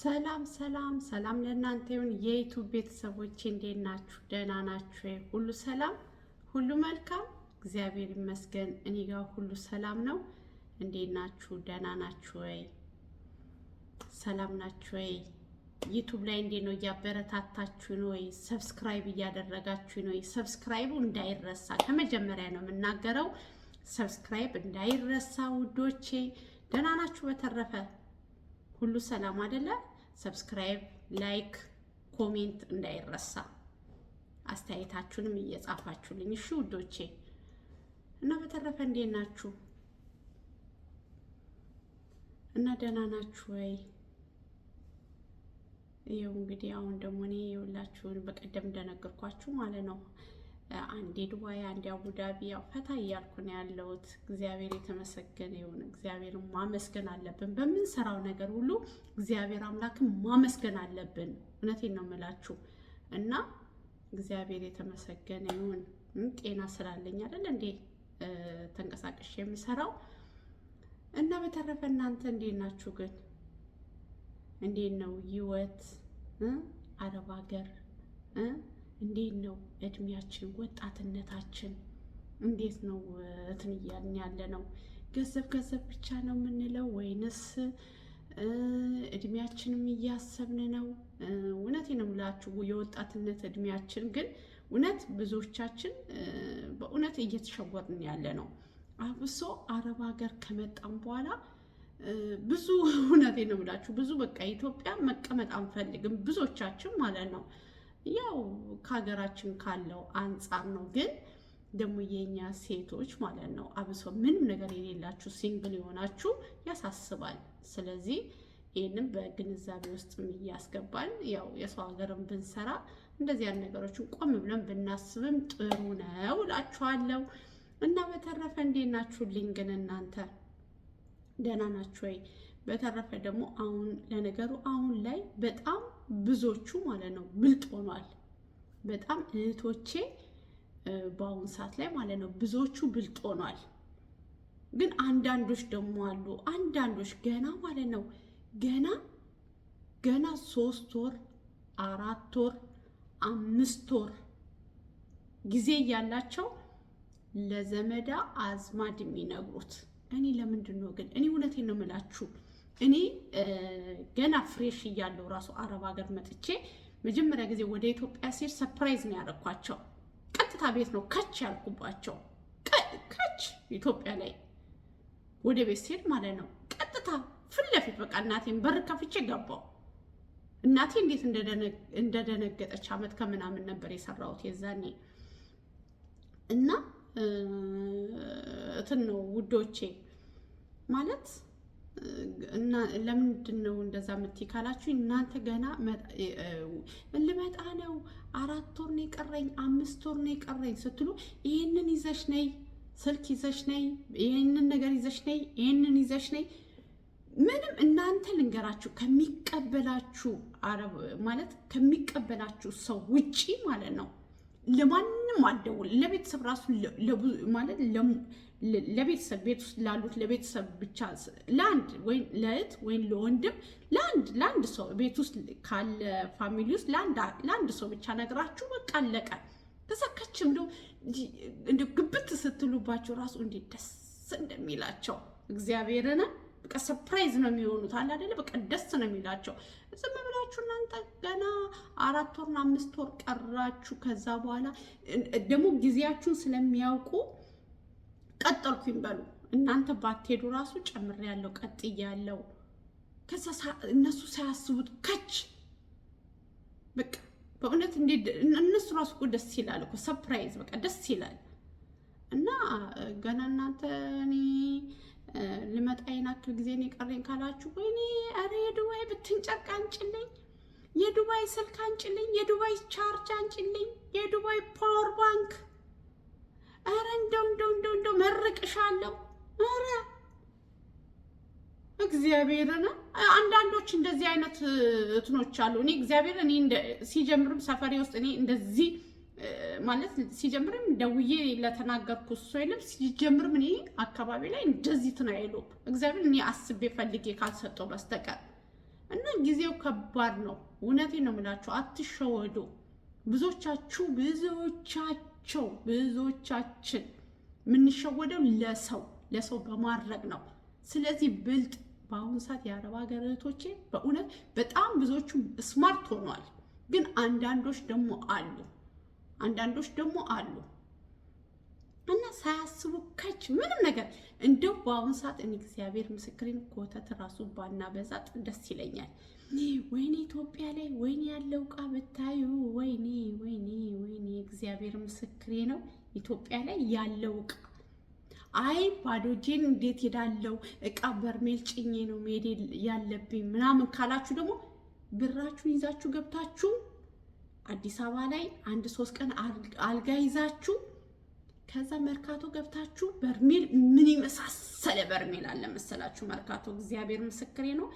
ሰላም ሰላም ሰላም ለእናንተ ይሁን የዩቱብ ቤተሰቦች እንዴት ናችሁ? ደህና ናችሁ? ሁሉ ሰላም፣ ሁሉ መልካም፣ እግዚአብሔር ይመስገን። እኔ ጋር ሁሉ ሰላም ነው። እንዴት ናችሁ? ደህና ናችሁ ወይ? ሰላም ናችሁ ወይ? ዩቱብ ላይ እንዴት ነው? እያበረታታችሁ ነው ወይ? ሰብስክራይብ እያደረጋችሁ ነው ወይ? ሰብስክራይቡ እንዳይረሳ ከመጀመሪያ ነው የምናገረው። ሰብስክራይብ እንዳይረሳ ውዶቼ። ደህና ናችሁ? በተረፈ ሁሉ ሰላም አይደለ? ሰብስክራይብ፣ ላይክ፣ ኮሜንት እንዳይረሳ። አስተያየታችሁንም እየጻፋችሁልኝ እሺ ውዶቼ። እና በተረፈ እንዴት ናችሁ? እና ደህና ናችሁ ወይ? ይኸው እንግዲህ አሁን ደግሞ እኔ የሁላችሁን በቀደም እንደነገርኳችሁ ማለት ነው አንዴ ዱባይ፣ አንዴ አቡዳቢ ያው ፈታ እያልኩ ነው ያለሁት። እግዚአብሔር የተመሰገነ ይሁን። እግዚአብሔርን ማመስገን አለብን። በምንሰራው ነገር ሁሉ እግዚአብሔር አምላክን ማመስገን አለብን። እውነቴን ነው የምላችሁ እና እግዚአብሔር የተመሰገነ ይሁን። ጤና ስላለኝ አይደል እንዴ ተንቀሳቀሽ የምሰራው እና በተረፈ እናንተ እንዴት ናችሁ? ግን እንዴት ነው ህይወት አረብ ሀገር እንዴት ነው እድሜያችን ወጣትነታችን እንዴት ነው እትን እያልን ያለ ነው? ገንዘብ ገንዘብ ብቻ ነው የምንለው ወይንስ እድሜያችንም እያሰብን ነው? እውነት ነው የምላችሁ የወጣትነት እድሜያችን ግን እውነት ብዙዎቻችን በእውነት እየተሸወርን ያለ ነው። አብሶ አረብ ሀገር ከመጣም በኋላ ብዙ እውነቴ ነው የምላችሁ ብዙ በቃ ኢትዮጵያ መቀመጥ አንፈልግም ብዙዎቻችን ማለት ነው። ያው ከሀገራችን ካለው አንጻር ነው። ግን ደግሞ የእኛ ሴቶች ማለት ነው አብሶ ምንም ነገር የሌላችሁ ሲንግል የሆናችሁ ያሳስባል። ስለዚህ ይህንም በግንዛቤ ውስጥ እያስገባን ያው የሰው ሀገርን ብንሰራ ያን ነገሮችን ቆም ብለን ብናስብም ጥሩ ነው እላችኋለሁ። እና በተረፈ እንዴት ናችሁልኝ? ግን እናንተ ደህና ናችሁ ወይ? በተረፈ ደግሞ አሁን ለነገሩ አሁን ላይ በጣም ብዙዎቹ ማለት ነው ብልጥ ሆኗል። በጣም እህቶቼ በአሁኑ ሰዓት ላይ ማለት ነው ብዙዎቹ ብልጥ ሆኗል። ግን አንዳንዶች ደግሞ አሉ አንዳንዶች ገና ማለት ነው ገና ገና ሶስት ወር አራት ወር አምስት ወር ጊዜ እያላቸው ለዘመዳ አዝማድ የሚነግሩት እኔ ለምንድን ነው ግን እኔ እውነቴን ነው የምላችሁ እኔ ገና ፍሬሽ እያለው ራሱ አረብ ሀገር መጥቼ መጀመሪያ ጊዜ ወደ ኢትዮጵያ ሴድ ሰርፕራይዝ ነው ያደረኳቸው። ቀጥታ ቤት ነው ከች ያልኩባቸው። ከች ኢትዮጵያ ላይ ወደ ቤት ሴድ ማለት ነው ቀጥታ ፊት ለፊት በቃ እናቴን በር ከፍቼ ገባው። እናቴ እንዴት እንደደነገጠች አመት ከምናምን ነበር የሰራሁት የዛኔ እና እትን ነው ውዶቼ ማለት እና ለምንድን ነው እንደዛ ምት ካላችሁ እናንተ ገና ልመጣ ነው አራት ወር ነው የቀረኝ አምስት ወር ነው የቀረኝ ስትሉ ይህንን ይዘሽ ነይ፣ ስልክ ይዘሽ ነይ፣ ይህንን ነገር ይዘሽ ነይ፣ ይህንን ይዘሽ ነይ። ምንም እናንተ ልንገራችሁ ከሚቀበላችሁ አረብ ማለት ከሚቀበላችሁ ሰው ውጪ ማለት ነው ለማን ለማንም አደውል ለቤተሰብ ራሱ ማለት ለቤተሰብ ቤት ውስጥ ላሉት ለቤተሰብ ብቻ ለአንድ ወይም ለእህት ወይም ለወንድም ለአንድ ለአንድ ሰው ቤት ውስጥ ካለ ፋሚሊ ውስጥ ለአንድ ሰው ብቻ ነግራችሁ በቃ አለቀ። ተሰከችም እንደው እንደ ግብት ስትሉባቸው ራሱ እንዴት ደስ እንደሚላቸው እግዚአብሔርን በቃ ሰርፕራይዝ ነው የሚሆኑት አለ አይደለ? በቃ ደስ ነው የሚላቸው። ዝም ብላችሁ እናንተ ገና አራት ወርና አምስት ወር ቀራችሁ። ከዛ በኋላ ደግሞ ጊዜያችሁን ስለሚያውቁ ቀጠልኩኝ በሉ። እናንተ ባትሄዱ ራሱ ጨምር ያለው ቀጥ ያለው ከዛ እነሱ ሳያስቡት ከች በቃ በእውነት እንዴ እነሱ ራሱ እኮ ደስ ይላል እኮ ሰርፕራይዝ በቃ ደስ ይላል። እና ገና እናንተ እኔ ልመጣ ይናክል ጊዜ የቀረኝ ካላችሁ፣ ወይኔ ኧረ የዱባይ ብትንጨቅ አንጭልኝ፣ የዱባይ ስልክ አንጭልኝ፣ የዱባይ ቻርጅ አንጭልኝ፣ የዱባይ ፓወር ባንክ ኧረ እንደው እንደው እንደው እንደው መርቅሻለሁ። ኧረ እግዚአብሔርን አንዳንዶች እንደዚህ አይነት እንትኖች አሉ። እኔ እግዚአብሔርን ሲጀምርም ሰፈሬ ውስጥ እኔ እንደዚህ ማለት ሲጀምርም ደውዬ ለተናገርኩ እሱ አይልም። ሲጀምርም እኔ አካባቢ ላይ እንደዚህ ነው አይሉ እግዚአብሔር እኔ አስቤ ፈልጌ ካልሰጠው በስተቀር እና ጊዜው ከባድ ነው። እውነቴ ነው የምላችሁ፣ አትሸወዱ። ብዙዎቻችሁ ብዙዎቻቸው ብዙዎቻችን የምንሸወደው ለሰው ለሰው በማድረግ ነው። ስለዚህ ብልጥ በአሁኑ ሰዓት የአረብ ሀገር እህቶቼ በእውነት በጣም ብዙዎቹ ስማርት ሆኗል፣ ግን አንዳንዶች ደግሞ አሉ አንዳንዶች ደግሞ አሉ እና ሳያስቡ ከች ምንም ነገር እንደው በአሁኑ ሰዓት እኔ እግዚአብሔር ምስክሬን ኮተት ራሱ ባና በዛ ደስ ይለኛል። ወይኔ ኢትዮጵያ ላይ ወይኔ ያለው እቃ ብታዩ ወይኔ ወይኔ ወይኔ እግዚአብሔር ምስክሬ ነው። ኢትዮጵያ ላይ ያለው እቃ አይ ባዶ እጄን እንዴት ሄዳለው እቃ በርሜል ጭኜ ነው መሄድ ያለብኝ ምናምን ካላችሁ ደግሞ ብራችሁን ይዛችሁ ገብታችሁ አዲስ አበባ ላይ አንድ ሶስት ቀን አልጋ ይዛችሁ ከዛ መርካቶ ገብታችሁ በርሜል ምን የመሳሰለ በርሜል አለ መሰላችሁ? መርካቶ እግዚአብሔር ምስክሬ ነው።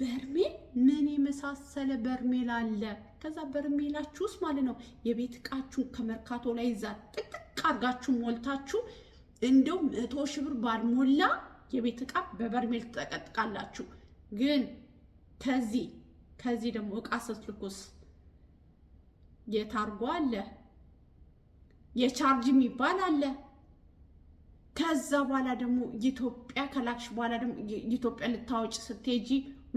በርሜል ምን የመሳሰለ በርሜል አለ። ከዛ በርሜላችሁ ውስጥ ማለት ነው የቤት እቃችሁ ከመርካቶ ላይ ይዛ ጥቅጥቅ አርጋችሁ ሞልታችሁ እንደው መቶ ሺህ ብር ባልሞላ የቤት እቃ በበርሜል ትጠቀጥቃላችሁ። ግን ከዚህ ከዚህ ደግሞ እቃ ስትልኩስ የታርጎ አለ፣ የቻርጅ የሚባል አለ። ከዛ በኋላ ደግሞ ኢትዮጵያ ከላክሽ በኋላ ደግሞ ኢትዮጵያ ልታወጭ ስትሄጂ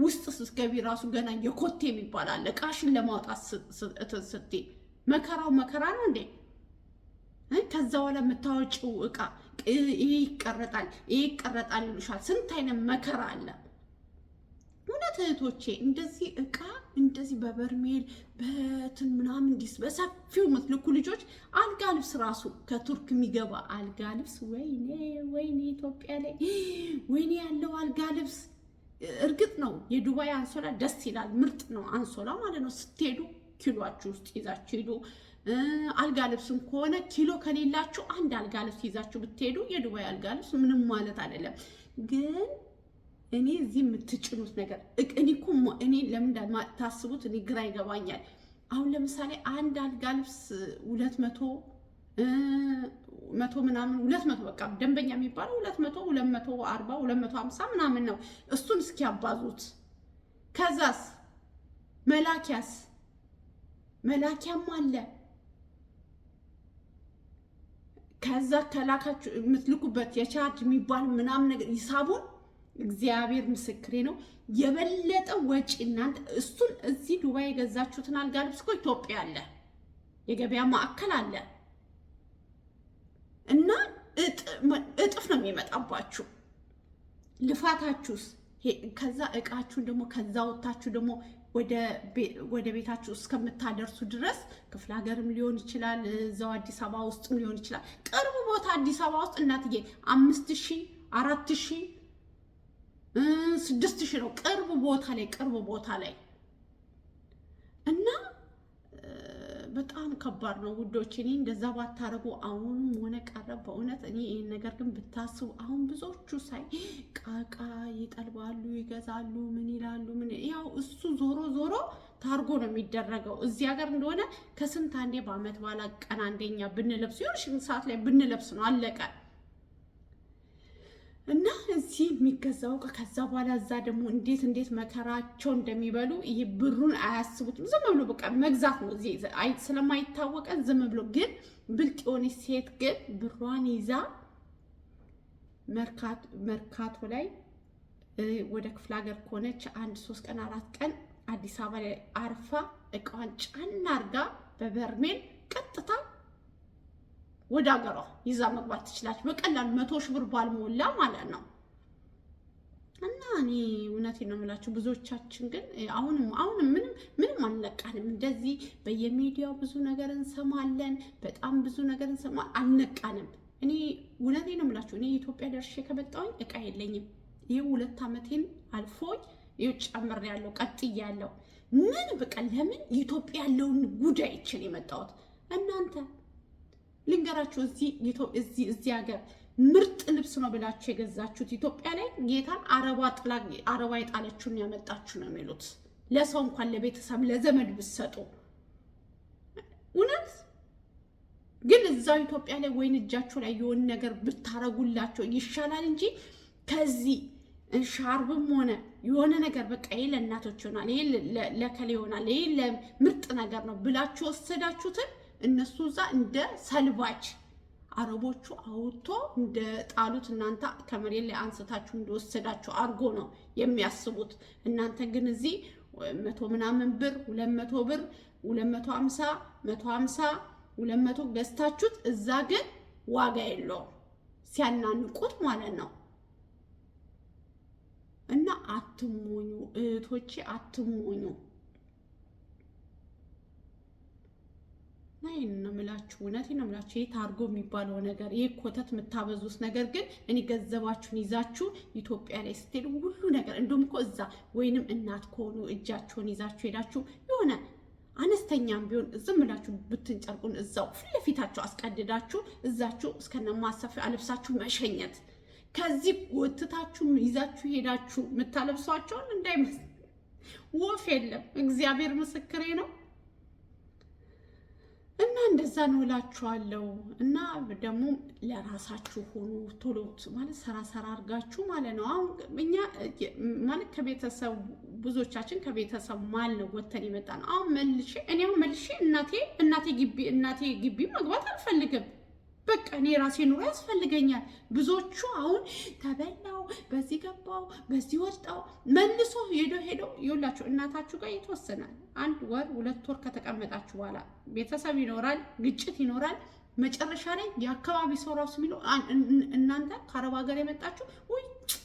ውስጥ ስትገቢ ራሱ ገና የኮቴ የሚባል አለ። ቃሽን ለማውጣት ስቴ መከራው መከራ ነው እንዴ! ከዛ በኋላ የምታወጭው እቃ ይሄ ይቀረጣል፣ ይሄ ይቀረጣል ይሉሻል። ስንት አይነት መከራ አለ። እውነት እህቶቼ እንደዚህ እቃ እንደዚህ በበርሜል በትን ምናምን እንዲስ በሰፊው ምትልኩ ልጆች አልጋ ልብስ ራሱ ከቱርክ የሚገባ አልጋ ልብስ ወይኔ ወይኔ ኢትዮጵያ ላይ ወይኔ ያለው አልጋ ልብስ እርግጥ ነው የዱባይ አንሶላ ደስ ይላል። ምርጥ ነው አንሶላ ማለት ነው። ስትሄዱ ኪሎች ውስጥ ይዛችሁ ሂዱ። አልጋ ልብስም ከሆነ ኪሎ ከሌላችሁ አንድ አልጋ ልብስ ይዛችሁ ብትሄዱ የዱባይ አልጋ ልብስ ምንም ማለት አይደለም ግን እኔ እዚህ የምትጭኑት ነገር እኔ እኮ እኔ ለምን ታስቡት እኔ ግራ ይገባኛል። አሁን ለምሳሌ አንድ አልጋ ልብስ ሁለት መቶ መቶ ምናምን ሁለት መቶ በቃ ደንበኛ የሚባለው ሁለት መቶ ሁለት መቶ አርባ ሁለት መቶ ሀምሳ ምናምን ነው። እሱን እስኪያባዙት ከዛስ መላኪያስ መላኪያም አለ። ከዛ ከላካችሁ የምትልኩበት የቻርጅ የሚባል ምናምን ነገር ሂሳቡን እግዚአብሔር ምስክሬ ነው። የበለጠ ወጪ እናንተ እሱን እዚህ ዱባይ የገዛችሁትን አልጋ ልብስ እኮ ኢትዮጵያ አለ፣ የገበያ ማዕከል አለ እና እጥፍ ነው የሚመጣባችሁ ልፋታችሁስ። ከዛ እቃችሁን ደግሞ ከዛ ወጥታችሁ ደግሞ ወደ ቤታችሁ እስከምታደርሱ ድረስ ክፍለ ሀገርም ሊሆን ይችላል፣ እዛው አዲስ አበባ ውስጥም ሊሆን ይችላል። ቅርብ ቦታ አዲስ አበባ ውስጥ እናትዬ አምስት ሺህ አራት ሺህ ስድስት ሺህ ነው። ቅርብ ቦታ ላይ ቅርብ ቦታ ላይ እና በጣም ከባድ ነው ውዶች። እኔ እንደዛ ባታረጉ አሁንም ሆነ ቀረብ በእውነት እኔ ይህን ነገር ግን ብታስቡ። አሁን ብዙዎቹ ሳይ ቃቃ ይጠልባሉ፣ ይገዛሉ፣ ምን ይላሉ። ምን ያው እሱ ዞሮ ዞሮ ታርጎ ነው የሚደረገው። እዚህ ሀገር እንደሆነ ከስንት አንዴ በአመት በኋላ ቀን አንደኛ ብንለብስ የሆነ ሰዓት ላይ ብንለብስ ነው አለቀን። እና እዚህ የሚገዛው እቃ ከዛ በኋላ እዛ ደግሞ እንዴት እንዴት መከራቸው እንደሚበሉ ይህ ብሩን አያስቡትም። ዝም ብሎ በቃ መግዛት ነው እዚህ ዝም ብሎ ግን ብልጥ የሆነች ሴት ግን ብሯን ይዛ መርካቶ ላይ ወደ ክፍለ ሀገር ከሆነች አንድ ሶስት ቀን አራት ቀን አዲስ አበባ ላይ አርፋ እቃዋን ጫና አርጋ በበርሜል ቀጥታ ወደ ሀገሯ ይዛ መግባት ትችላለች። በቀላሉ መቶ ሺህ ብር ባልሞላ ማለት ነው። እና እኔ እውነቴን ነው የምላችሁ። ብዙዎቻችን ግን አሁንም አሁንም ምንም ምንም አልነቃንም። እንደዚህ በየሚዲያው ብዙ ነገር እንሰማለን፣ በጣም ብዙ ነገር እንሰማለን። አልነቃንም። እኔ እውነቴን ነው የምላችሁ። እኔ ኢትዮጵያ ደርሼ ከመጣሁኝ እቃ የለኝም። ይህ ሁለት ዓመቴን አልፎኝ ይኸው ጨምሬያለሁ፣ ቀጥያለሁ። ምን በቃ ለምን ኢትዮጵያ ያለውን ጉዳይ ይችን የመጣሁት እናንተ ልንገራችሁ፣ እዚህ ሀገር ምርጥ ልብስ ነው ብላችሁ የገዛችሁት ኢትዮጵያ ላይ ጌታን አረባ ጥላ አረባ የጣለችውን ያመጣችሁ ነው የሚሉት። ለሰው እንኳን ለቤተሰብ ለዘመድ ብትሰጡ እውነት ግን እዛው ኢትዮጵያ ላይ ወይን እጃችሁ ላይ የሆን ነገር ብታረጉላቸው ይሻላል እንጂ ከዚህ ሻርብም ሆነ የሆነ ነገር በቃ ይሄ ለእናቶች ይሆናል፣ ይሄ ለከሌ ይሆናል፣ ይሄ ለምርጥ ነገር ነው ብላችሁ ወሰዳችሁትን እነሱ እዛ እንደ ሰልባጅ አረቦቹ አውጥቶ እንደ ጣሉት እናንተ ከመሬት ላይ አንስታችሁ እንደወሰዳችሁ አድርጎ ነው የሚያስቡት። እናንተ ግን እዚህ መቶ ምናምን ብር ሁለት መቶ ብር ሁለት መቶ ሀምሳ መቶ ሀምሳ ሁለት መቶ ገዝታችሁት እዛ ግን ዋጋ የለውም ሲያናንቁት ማለት ነው። እና አትሞኙ እህቶቼ አትሞኙ። እና ነው የምላችሁ። እውነቴን ነው የምላችሁ። ይሄ ታርጎ የሚባለው ነገር ይሄ ኮተት የምታበዙት ነገር ግን እኔ ገንዘባችሁን ይዛችሁ ኢትዮጵያ ላይ ስትሄዱ ሁሉ ነገር እንደውም እኮ እዛ ወይንም እናት ከሆኑ እጃችሁን ይዛችሁ ሄዳችሁ የሆነ አነስተኛም ቢሆን ዝም ብላችሁ ብትንጨርቁን እዛው ፊት ለፊታችሁ አስቀድዳችሁ እዛችሁ እስከነማሰፊያ አልብሳችሁ መሸኘት ከዚህ ወጥታችሁ ይዛችሁ ሄዳችሁ የምታለብሷቸውን እንዳይመስል ወፍ የለም። እግዚአብሔር ምስክሬ ነው። እንደዛ ነው እላችኋለሁ። እና ደግሞ ለራሳችሁ ሆኑ ቶሎ ማለት ሰራ ሰራ አድርጋችሁ ማለት ነው። አሁን እኛ ማለት ከቤተሰብ ብዙዎቻችን ከቤተሰብ ማል ነው ወተን የመጣ ነው። አሁን መልሼ እኔ መልሼ እናቴ እናቴ ግቢ እናቴ ግቢ መግባት አልፈልግም በቃ እኔ ራሴ ኑሮ ያስፈልገኛል። ብዙዎቹ አሁን ተበላው፣ በዚህ ገባው፣ በዚህ ወጣው መልሶ ሄዶ ሄዶ ይውላችሁ እናታችሁ ጋር ይተወሰናል። አንድ ወር ሁለት ወር ከተቀመጣችሁ በኋላ ቤተሰብ ይኖራል፣ ግጭት ይኖራል። መጨረሻ ላይ የአካባቢ ሰው ራሱ የሚለው እናንተ ከአረብ ሀገር የመጣችሁ ወይ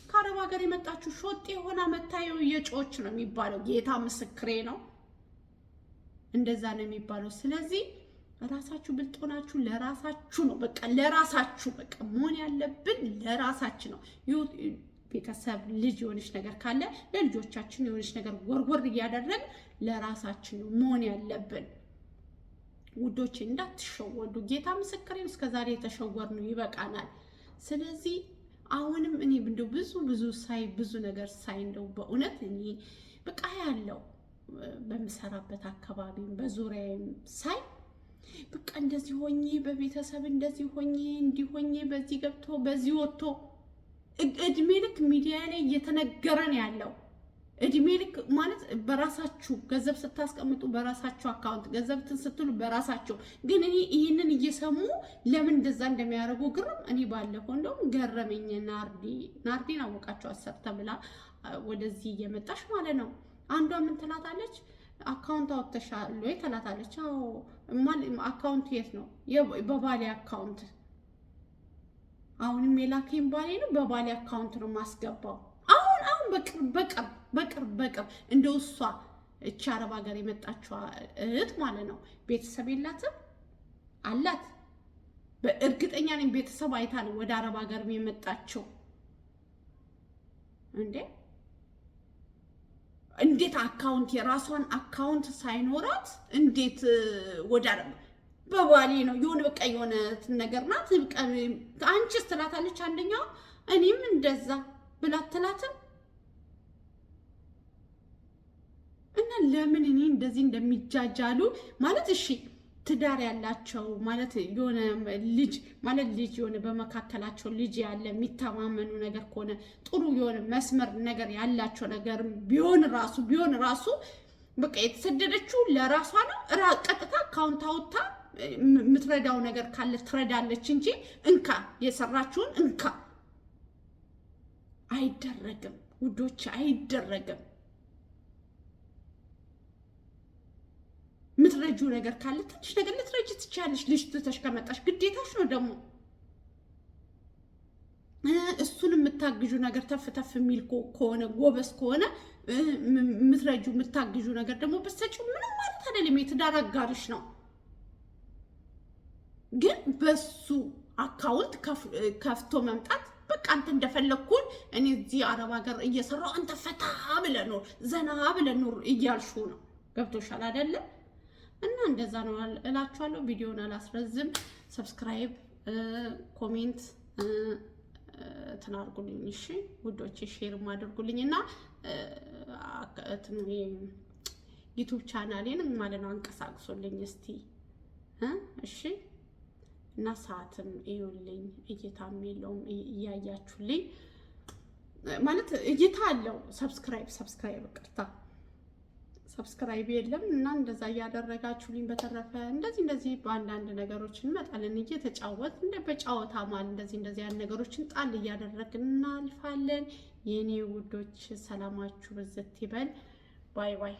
ከአረብ ሀገር የመጣችሁ ሾጤ የሆነ መታየው የጮች ነው የሚባለው። ጌታ ምስክሬ ነው፣ እንደዛ ነው የሚባለው። ስለዚህ ራሳችሁ ብልጦናችሁ ለራሳችሁ ነው። በቃ ለራሳችሁ በቃ መሆን ያለብን ለራሳችን ነው። ቤተሰብ ልጅ የሆነች ነገር ካለ ለልጆቻችን የሆነች ነገር ወርወር እያደረግን ለራሳችን ነው መሆን ያለብን። ውዶች እንዳትሸወዱ፣ ጌታ ምስክሬን እስከዛሬ ነው ይበቃናል። ስለዚህ አሁንም እኔ እንደው ብዙ ብዙ ሳይ ብዙ ነገር ሳይ እንደው በእውነት እኔ በቃ ያለው በምሰራበት አካባቢም በዙሪያዬም ሳይ በቃ እንደዚህ ሆኜ በቤተሰብ እንደዚህ ሆኜ እንዲሆኜ በዚህ ገብቶ በዚህ ወጥቶ እድሜ ልክ ሚዲያ ላይ እየተነገረ ነው ያለው። እድሜ ልክ ማለት በራሳችሁ ገንዘብ ስታስቀምጡ በራሳችሁ አካውንት ገንዘብ ስትሉ በራሳቸው ግን እኔ ይህንን እየሰሙ ለምን እንደዛ እንደሚያደርጉ ግርም እኔ ባለፈው እንደውም ገረመኝ። ናርዲ ናርዲን አወቃቸው አሰርተ ብላ ወደዚህ እየመጣች ማለት ነው። አንዷ ምን ትላታለች? አካውንት አወጥተሻል ወይ ትላታለች። አዎ አካውንት የት ነው? በባሌ አካውንት። አሁንም የላከኝ ባሌ ነው። በባሌ አካውንት ነው ማስገባው። አሁን አሁን በቅርብ በቅርብ በቅርብ በቅርብ እንደ እሷ እቺ አረብ ሀገር የመጣችዋ እህት ማለት ነው ቤተሰብ የላትም አላት። በእርግጠኛ ነኝ ቤተሰብ አይታ ነው ወደ አረብ ሀገር የመጣችው እንዴ እንዴት አካውንት የራሷን አካውንት ሳይኖራት እንዴት ወደ በባሌ ነው የሆነ በቃ የሆነ ነገር ናት። አንቺስ ትላታለች አንደኛው እኔም እንደዛ ብላ ትላትም እና ለምን እኔ እንደዚህ እንደሚጃጃሉ ማለት እሺ ትዳር ያላቸው ማለት የሆነ ልጅ ማለት ልጅ የሆነ በመካከላቸው ልጅ ያለ የሚተማመኑ ነገር ከሆነ ጥሩ የሆነ መስመር ነገር ያላቸው ነገር ቢሆን ራሱ ቢሆን ራሱ በቃ የተሰደደችው ለራሷ ነው። ቀጥታ ካውንታውታ አውጥታ የምትረዳው ነገር ካለ ትረዳለች እንጂ እንካ የሰራችውን እንካ። አይደረግም ውዶች፣ አይደረግም። የምትረጂው ነገር ካለ ትንሽ ነገር ልትረጅ ትችያለሽ። ልጅ ትተሽ ከመጣሽ ግዴታሽ ነው። ደግሞ እሱን የምታግዡ ነገር ተፍ ተፍ የሚል ከሆነ ጎበዝ ከሆነ የምትረጂው የምታግዡ ነገር ደግሞ በሰጪው ምንም ማለት አይደለም። የትዳር አጋርሽ ነው። ግን በሱ አካውንት ከፍቶ መምጣት በቃ አንተ እንደፈለግኩን እኔ እዚህ አረብ ሀገር እየሰራው አንተ ፈታ ብለህ ኑር፣ ዘና ብለህ ኑር እያልሽው ነው። ገብቶሻል አይደለም? እና እንደዛ ነው እላችኋለሁ። ቪዲዮን አላስረዝም። ሰብስክራይብ፣ ኮሜንት ትናርጉልኝ እሺ ውዶች፣ ሼርም አድርጉልኝ እና ዩቱብ ቻናሌንም ማለት ነው አንቀሳቅሶልኝ እስቲ እሺ። እና ሰዓትም እዩልኝ፣ እይታም የለውም እያያችሁልኝ ማለት እይታ አለው። ሰብስክራይብ ሰብስክራይብ ቅርታ ሰብስክራይብ የለም እና እንደዛ እያደረጋችሁልኝ በተረፈ እንደዚህ እንደዚህ በአንዳንድ ነገሮች እንመጣለን እየተጫወት እንደ በጫወታ ማል እንደዚህ እንደዚህ ያን ነገሮችን ጣል እያደረግ እናልፋለን። የእኔ ውዶች ሰላማችሁ ብዝት ይበል። ባይ ባይ።